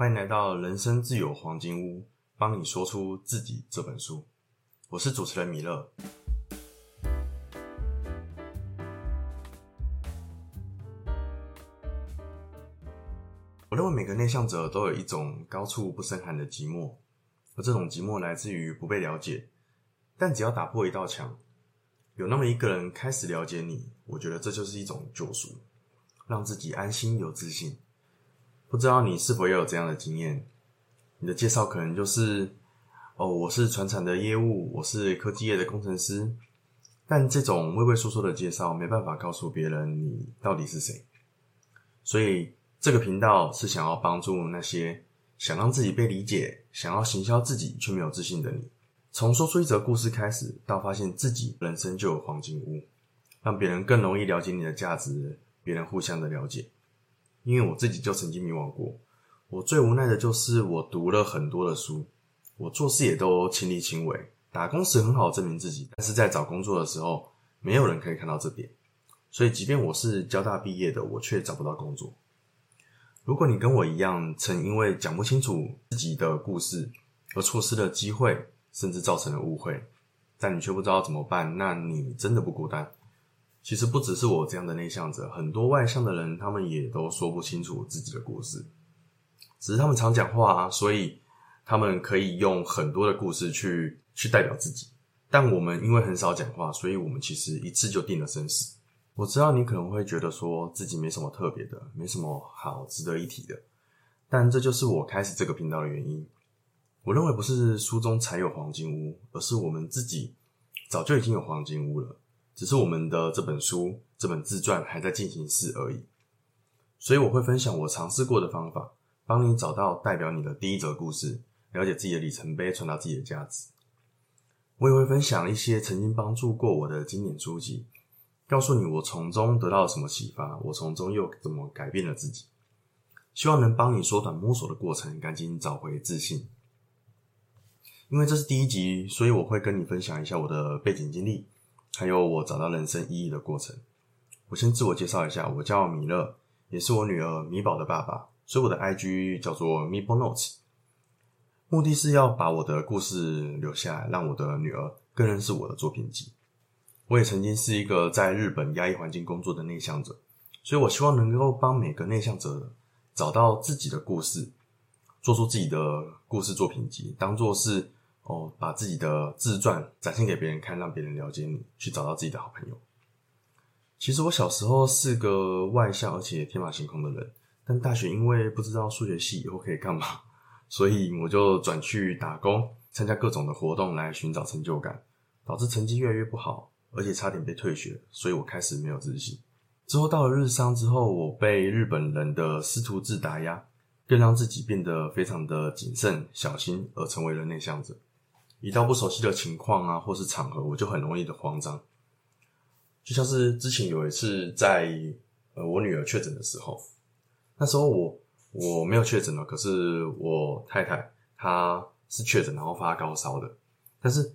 歡迎來到《人生自有黃金屋》，幫你說出自己這本書。我是主持人米樂。我認為每個內向者都有一種高處不勝寒的寂寞，而這種寂寞來自於不被了解。但只要打破一道牆，有那麼一個人開始了解你，我覺得這就是一種救贖，讓自己安心、有自信。不知道你是否也有這樣的經驗？你的介紹可能就是：“哦，我是傳產的業務，我是科技業的工程師。”但這種畏畏縮縮的介紹，沒辦法告訴別人你到底是誰。所以，這個頻道是想要幫助那些想讓自己被理解、想要行銷自己卻沒有自信的你，從說出一則故事開始，到發現自己人生就有黃金屋，讓別人更容易了解你的價值，別人互相的了解。因為我自己就曾經迷惘過，我最無奈的就是我讀了很多的書，我做事也都親力親為，打工時很好證明自己，但是在找工作的時候，沒有人可以看到這點，所以即便我是交大畢業的，我卻找不到工作。如果你跟我一樣，曾因為講不清楚自己的故事而錯失了機會，甚至造成了誤會，但你卻不知道怎麼辦，那你真的不孤單。其實不只是我這樣的內向者，很多外向的人他們也都說不清楚自己的故事，只是他們常講話啊，所以他們可以用很多的故事去去代表自己。但我們因為很少講話，所以我們其實一次就定了生死。我知道你可能會覺得說自己沒什麼特別的，沒什麼好值得一提的，但這就是我開始這個頻道的原因。我認為不是書中才有黃金屋，而是我們自己早就已經有黃金屋了。只是我們的這本書、這本自傳還在進行時而已，所以我會分享我嘗試過的方法，幫你找到代表你的第一則故事，了解自己的里程碑，傳達自己的價值。我也會分享一些曾經幫助過我的經典書籍，告訴你我從中得到了什麼啟發，我從中又怎麼改變了自己，希望能幫你縮短摸索的過程，趕緊找回自信。因為這是第一集，所以我會跟你分享一下我的背景經歷。還有我找到人生意義的過程。我先自我介紹一下，我叫米樂，也是我女兒米寶的爸爸，所以我的 IG 叫做 Mibonote，目的是要把我的故事留下來，讓我的女兒更認識我的作品集。我也曾經是一個在日本壓抑環境工作的內向者，所以我希望能夠幫每個內向者找到自己的故事，做出自己的故事作品集，當作是。哦，把自己的自傳展現給別人看，讓別人了解你，去找到自己的好朋友。其實我小時候是個外向而且天馬行空的人，但大學因為不知道數學系以後可以幹嘛，所以我就轉去打工，參加各種的活動來尋找成就感，導致成績越來越不好，而且差點被退學，所以我開始沒有自信。之後到了日商之後，我被日本人的師徒制打壓，更讓自己變得非常的謹慎小心，而成為了內向者。一到不熟悉的情況啊，或是場合，我就很容易的慌張。就像是之前有一次在，在呃我女兒確診的時候，那時候我我沒有確診了，可是我太太她是確診然後發高燒的。但是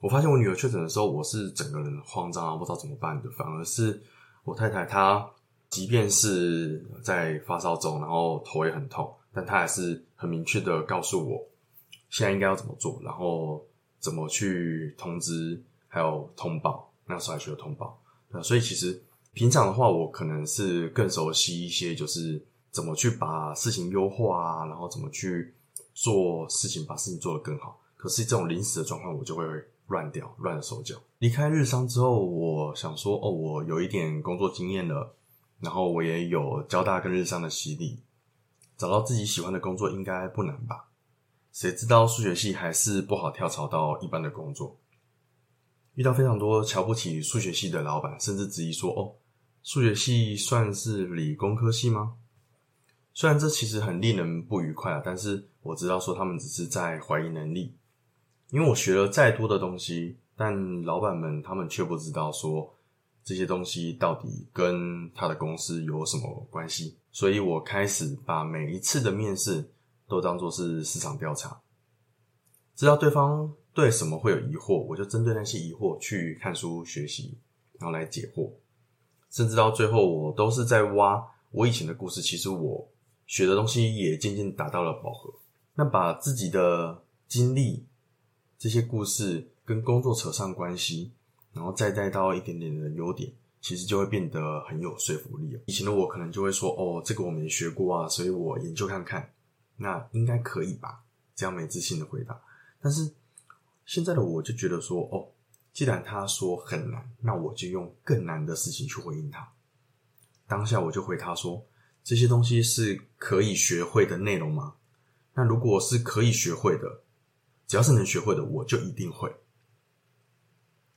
我發現我女兒確診的時候，我是整個人慌張啊，不知道怎麼辦的。反而是我太太她，即便是在發燒中，然後頭也很痛，但她還是很明確的告訴我，現在應該要怎麼做？然後怎麼去通知？還有通報，那時候還需要通報。那所以其實平常的話，我可能是更熟悉一些，就是怎麼去把事情優化啊，然後怎麼去做事情，把事情做得更好。可是這種臨時的狀況，我就會亂掉，亂了手腳。離開日商之後，我想說，哦，我有一點工作經驗了，然後我也有交大跟日商的洗禮，找到自己喜歡的工作應該不難吧？誰知道數學系還是不好跳槽到一般的工作，遇到非常多瞧不起數學系的老闆，甚至質疑說：“哦，數學系算是理工科系嗎？”雖然這其實很令人不愉快啊，但是我知道說他們只是在懷疑能力，因為我學了再多的東西，但老闆們他們卻不知道說這些東西到底跟他的公司有什麼關係，所以我開始把每一次的面試，都當做是市場調查，知道對方對什麼會有疑惑，我就針對那些疑惑去看書學習，然後來解惑。甚至到最後，我都是在挖我以前的故事。其實我學的東西也漸漸達到了飽和。那把自己的經歷、這些故事跟工作扯上關係，然後再帶到一點點的優點，其實就會變得很有說服力。以前的我可能就會說：“哦，這個我沒學過啊，所以我研究看看。”那應該可以吧？這樣沒自信的回答。但是現在的我就覺得說，哦，既然他說很難，那我就用更難的事情去回應他。當下我就回他說：“這些東西是可以學會的內容嗎？”那如果是可以學會的，只要是能學會的，我就一定會。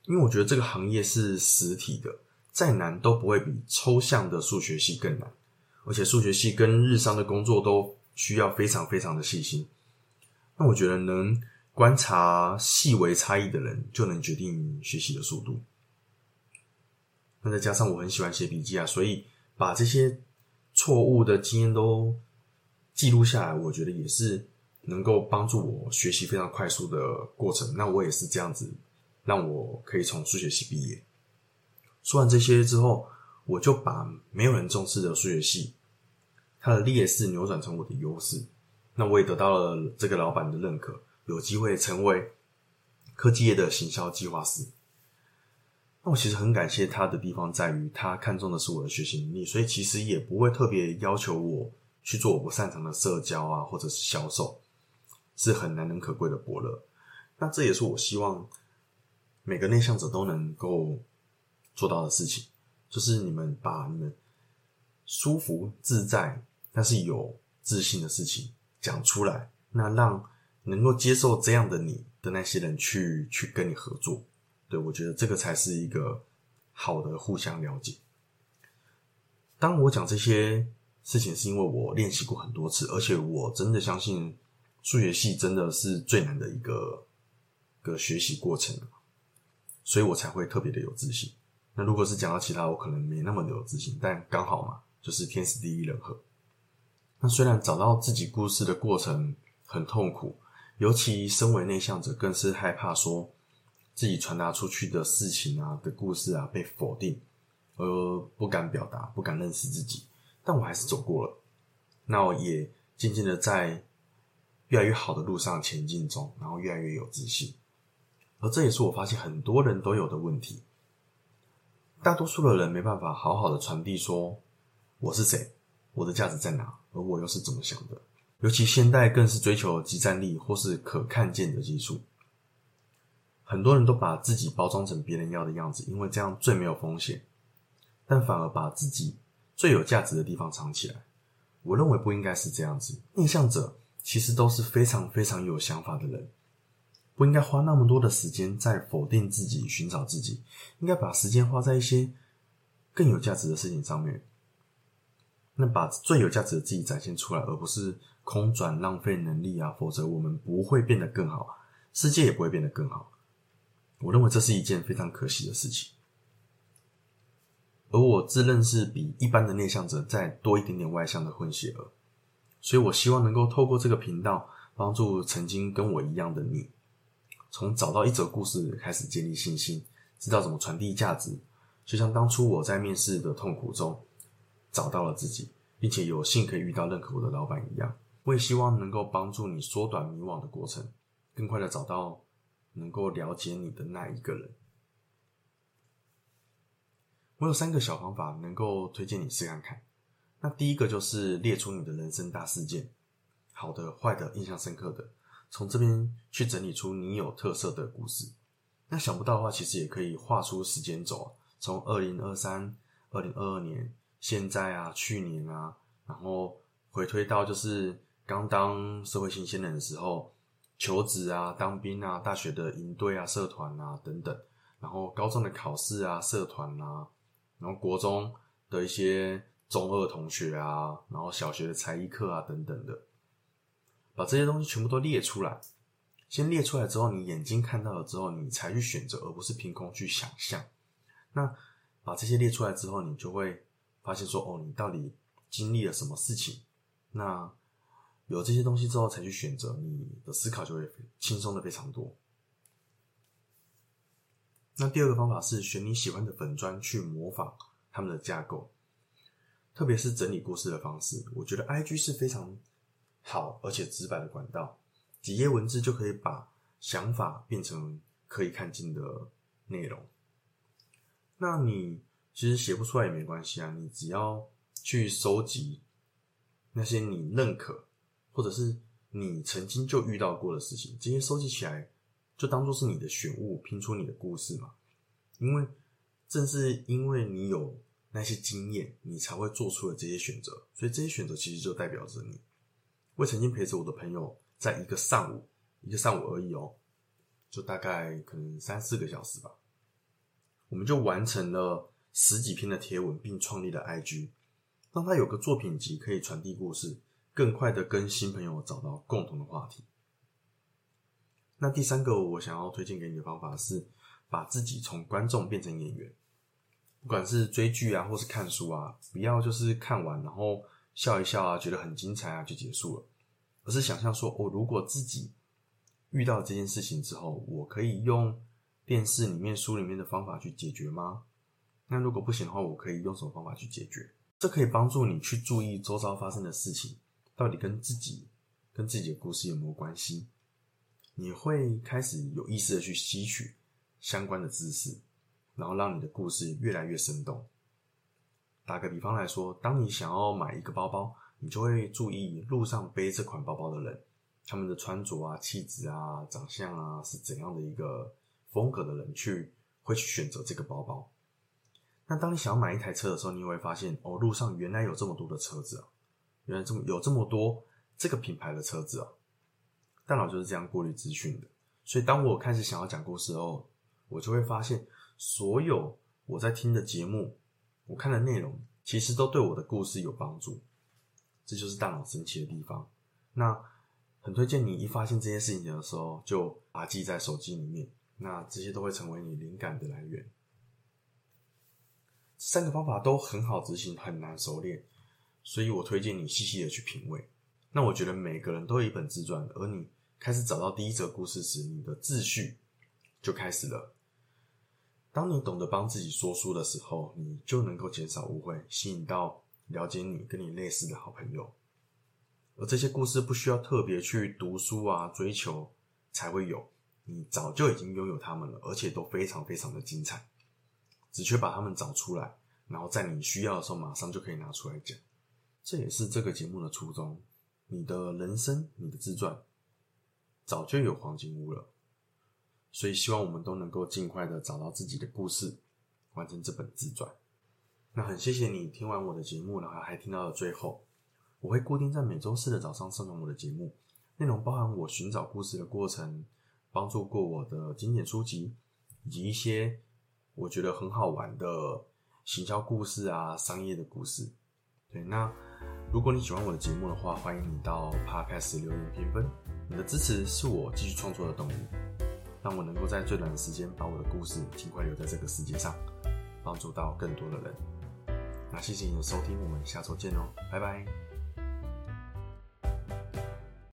因為我覺得這個行業是實體的，再難都不會比抽象的數學系更難，而且數學系跟日商的工作都。需要非常非常的細心。那我覺得能觀察細微差異的人，就能決定學習的速度。那再加上我很喜歡寫筆記啊，所以把這些錯誤的經驗都記錄下來，我覺得也是能夠幫助我學習非常快速的過程。那我也是這樣子，讓我可以從數學系畢業。說完這些之後，我就把沒有人重視的數學系，他的劣勢扭轉成我的優勢，那我也得到了這個老板的認可，有機會成為科技業的行銷計劃師。那我其實很感謝他的地方在於，他看重的是我的學習能力，所以其實也不會特別要求我去做我不擅長的社交啊，或者是銷售，是很難能可貴的伯樂。那這也是我希望每個內向者都能夠做到的事情，就是你們把你們舒服自在。但是有自信的事情講出來，那讓能夠接受這樣的你的那些人去去跟你合作，對，我覺得這個才是一個好的互相了解。當我講這些事情，是因為我練習過很多次，而且我真的相信數學系真的是最難的一個一個學習過程，所以我才會特別的有自信。那如果是講到其他，我可能沒那麼的有自信，但剛好嘛，就是天時地利人和。那雖然找到自己故事的過程很痛苦，尤其身為內向者，更是害怕說自己傳達出去的事情啊、的故事啊被否定，而不敢表達、不敢認識自己。但我還是走過了，那我也漸漸的在越來越好的路上前進中，然後越來越有自信。而這也是我發現很多人都有的問題，大多數的人沒辦法好好的傳遞說我是誰，我的價值在哪？而我又是怎麼想的？尤其現代更是追求即戰力或是可看見的技術，很多人都把自己包裝成別人要的樣子，因為這樣最沒有風險，但反而把自己最有價值的地方藏起來。我認為不應該是這樣子。內向者其實都是非常非常有想法的人，不應該花那麼多的時間在否定自己、尋找自己，應該把時間花在一些更有價值的事情上面。那把最有價值的自己展現出來，而不是空轉浪費能力啊，否則我們不會變得更好，世界也不會變得更好。我認為這是一件非常可惜的事情。而我自認是比一般的內向者再多一點點外向的混血兒，所以我希望能夠透過這個頻道，幫助曾經跟我一樣的你，從找到一則故事開始建立信心，知道怎麼傳遞價值。就像當初我在面試的痛苦中。找到了自己，並且有幸可以遇到認可我的老板一樣，我也希望能夠幫助你縮短迷惘的過程，更快的找到能夠了解你的那一個人。我有三個小方法能夠推薦你試看看。那第一個就是列出你的人生大事件，好的、壞的、印象深刻的，從這邊去整理出你有特色的故事。那想不到的話，其實也可以畫出時間軸啊，從二零二三、二零二二年。現在啊，去年啊，然後回推到就是剛當社會新鮮人的時候，求職啊，當兵啊，大學的營隊啊，社團啊等等，然後高中的考試啊，社團啊，然後國中的一些中二同學啊，然後小學的才藝課啊等等的，把這些東西全部都列出來。先列出來之後，你眼睛看到了之後，你才去選擇，而不是憑空去想象。那把這些列出來之後，你就會，發現說哦，你到底經歷了什麼事情？那有這些東西之後，才去選擇你的思考，就會輕鬆的非常多。那第二個方法是選你喜歡的粉專去模仿他們的架構，特別是整理故事的方式。我覺得 IG 是非常好而且直白的管道，幾頁文字就可以把想法變成可以看進的內容。那你。其實寫不出來也沒關係啊！你只要去收集那些你認可，或者是你曾經就遇到過的事情，這些收集起來，就當做是你的選物，拼出你的故事嘛。因為正是因為你有那些經驗，你才會做出了這些選擇，所以這些選擇其實就代表着你。我曾經陪着我的朋友，在一個上午，一個上午而已哦、喔，就大概可能三四個小時吧，我們就完成了。十幾篇的貼文，並創立了 IG，讓他有個作品集可以傳遞故事，更快的跟新朋友找到共同的話題。那第三個我想要推薦給你的方法是，把自己從觀眾變成演員，不管是追劇啊，或是看書啊，不要就是看完然後笑一笑啊，覺得很精彩啊就結束了，而是想象說，哦，如果自己遇到這件事情之後，我可以用電視裡面、書裡面的方法去解決嗎？那如果不行的話，我可以用什麼方法去解決？這可以幫助你去注意周遭發生的事情，到底跟自己跟自己的故事有沒有關係？你會開始有意識的去吸取相關的知識，然後讓你的故事越來越生動。打個比方來說，當你想要買一個包包，你就會注意路上背這款包包的人，他們的穿着啊、氣質啊、長相啊，是怎樣的一個風格的人去，會去選擇這個包包。那當你想要買一台車的時候，你也會發現哦，路上原來有這麼多的車子啊，原來這麼有這麼多這個品牌的車子哦、啊，大腦就是這樣過濾資訊的。所以當我開始想要講故事後，我就會發現所有我在聽的節目、我看的內容，其實都對我的故事有幫助。這就是大腦神奇的地方。那很推薦你一發現這些事情的時候，就把它記在手機裡面。那這些都會成為你靈感的來源。三個方法都很好執行，很難熟練，所以我推薦你細細的去品味。那我覺得每個人都有一本自傳，而你開始找到第一則故事時，你的自序就開始了。當你懂得幫自己說書的時候，你就能夠減少誤會，吸引到了解你、跟你類似的好朋友。而這些故事不需要特別去讀書啊、追求，才會有。你早就已經擁有他們了，而且都非常非常的精彩。只缺把他們找出來，然後在你需要的時候馬上就可以拿出來講。這也是這個節目的初衷。你的人生，你的自傳，早就有黃金屋了。所以希望我們都能夠盡快的找到自己的故事，完成這本自傳。那很謝謝你聽完我的節目，然後還聽到了最後。我會固定在每周四的早上上傳我的節目，內容包含我尋找故事的過程，幫助過我的經典書籍，以及一些。我覺得很好玩的行銷故事啊，商業的故事。對，那如果你喜歡我的節目的話，歡迎你到 Podcast 留言評分。你的支持是我繼續創作的動力，讓我能夠在最短的時間把我的故事盡快留在這個世界上，幫助到更多的人。那謝謝你的收聽，我們下週見嘍，拜拜。